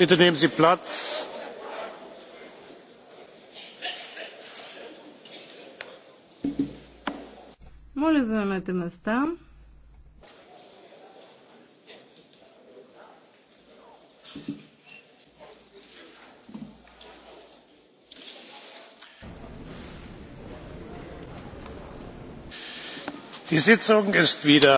bitte nehmen sie platz. Моля, заемете места. Die Sitzung ist wieder